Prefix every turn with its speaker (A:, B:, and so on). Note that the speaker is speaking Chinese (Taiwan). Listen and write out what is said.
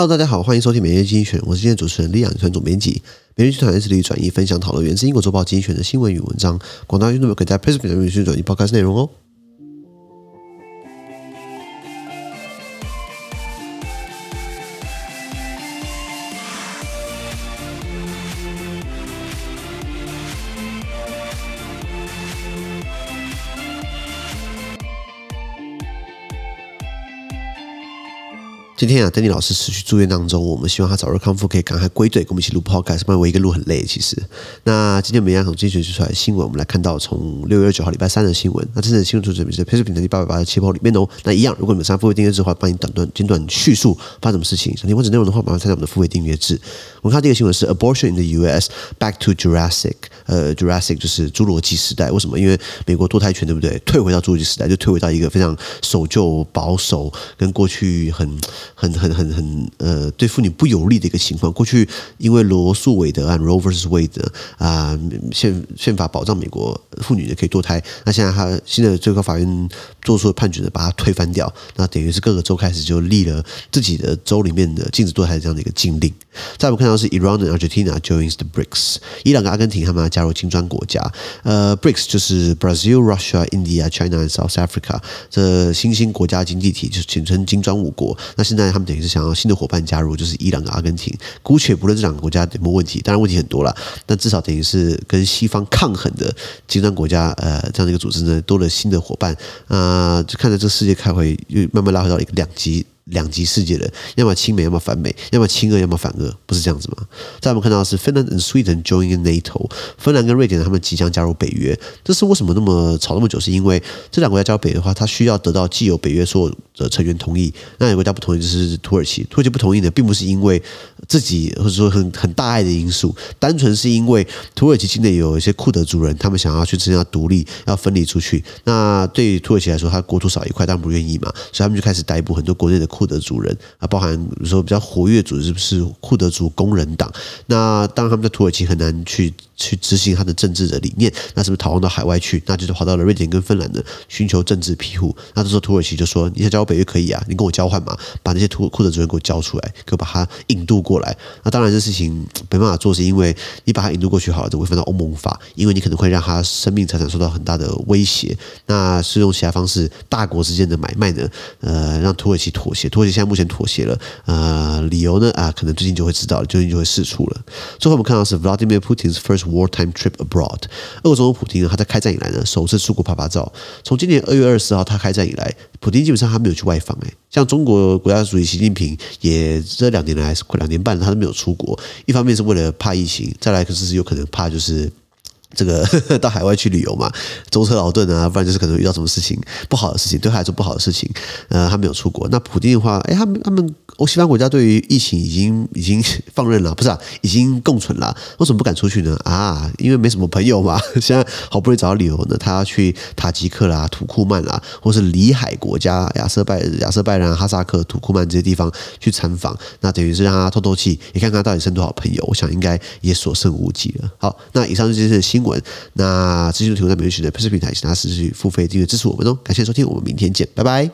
A: Hello，大家好，歡迎收聽每日精選。我是今天主持人李仰川，總編輯。每日精選在這裡轉譯分享討論源自英國《週報》精選的新聞與文章，廣大聽眾可在 PressPlay 裡面去轉譯報刊內容哦。今天啊，丹尼老師持續住院當中,我們希望他早日康復，可以趕快歸隊，跟我們一起錄 Podcast。不然我一個錄很累，其實。那今天我們一樣從精選區出來的新聞，我們來看到從六月二十九號禮拜三的新聞。那這次的新聞主旨是 PressPlay 的第八百八十七號裡面哦。那一樣，如果你們想要付費訂閱制的話，幫你短段簡短敘述發什麼事情，想聽完整內容的話，麻煩參加我們的付費訂閱制。我們看這個新聞是 Abortion in the U.S. Back to Jurassic。呃，Jurassic 就是侏羅紀時代，為什麼？因為美國墮胎權對不對？退回到侏羅紀時代，就退回到一個非常守舊、保守，跟過去很、很、很、很、很呃對婦女不有利的一個情況。過去因為羅素韋德案 （Roe vs Wade） 啊、呃，憲憲法保障美國婦女的可以墮胎。那現在他現在最高法院做出的判決的把它推翻掉。那等於是各個州開始就立了自己的州裡面的禁止墮胎這樣的一個禁令。再我們看到是 Iran and Argentina joins the BRICS，伊朗跟阿根廷他們要加入金磚國家。呃，BRICS 就是 Brazil、Russia、India、China、and South Africa，這新興國家經濟體就是簡稱金磚五國。那現在他們等於是想要新的夥伴加入，就是伊朗跟阿根廷。姑且不論這兩個國家有沒有問題，當然問題很多了，但至少等於是跟西方抗衡的金磚國家呃這樣的一個組織呢，多了新的夥伴啊、呃，就看着這個世界開會又慢慢拉回到一個兩極。兩極世界的，要麼親美，要麼反美；要麼親俄，要麼反俄，反俄不是這樣子嗎？在我們看到的是芬蘭跟 Sweden joining NATO，芬蘭跟瑞典他們即將加入北約，這是為什麼那麼吵那麼久？是因為這兩國家加入北約的話，他需要得到既有北約所有的成員同意。那有國家不同意，就是土耳其。土耳其不同意的，並不是因為自己或者說很很大愛的因素，單純是因為土耳其境內有一些庫德族人，他們想要去爭取獨立，要分離出去。那對於土耳其來說，他國土少一塊，但不願意嘛，所以他們就開始逮捕很多國內的庫。庫德族人啊，包含比如說比較活躍的組織，是不是庫德族工人黨？那當然他們在土耳其很難去。去執行他的政治的理念，那是不是逃亡到海外去？那就是跑到了瑞典跟芬蘭呢，尋求政治庇護。那這時候土耳其就說：“你想加入北約可以啊，你跟我交換嘛，把那些庫德族人給我交出來，給我把他引渡過來。”那當然這事情沒辦法做，是因為你把他引渡過去好了，就違反到歐盟法，因為你可能會讓他生命財產受到很大的威脅。那是用其他方式，大國之間的買賣呢？呃，讓土耳其妥協，土耳其現在目前妥協了。呃，理由呢？啊，可能最近就會知道了，最近就會釋出了。最後我們看到的是 Vladimir Putin's first。wartime trip abroad。俄國總統普丁呢，他在開戰以來呢，首次出國趴趴走。從今年二月二十四號他開戰以來，普丁基本上他沒有去外訪。哎，像中國國家主席習近平也這兩年來還是快兩年半，他都沒有出國。一方面是為了怕疫情，再來就是有可能怕就是這個呵呵到海外去旅遊嘛，舟車勞頓啊，不然就是可能遇到什麼事情不好的事情，對他來說不好的事情。呃，他沒有出國。那普丁的話，哎，他們他們。我西方國家對於疫情已經已經放任了，不是啊，已經共存了。為什麼不敢出去呢？啊，因為沒什麼朋友嘛。現在好不容易找到理由呢，他要去塔吉克啦、土庫曼啦，或是裡海國家、亞塞拜、亞塞拜然、哈薩克、土庫曼這些地方去參訪，那等於是讓他透透氣，也看，看他到底剩多少朋友。我想應該也所剩無幾了。好，那以上就是新聞。那資訊提供在美樂訊的拍攝平台，請大家持續付費訂閱支持我們哦。感謝收聽，我們明天見，拜拜。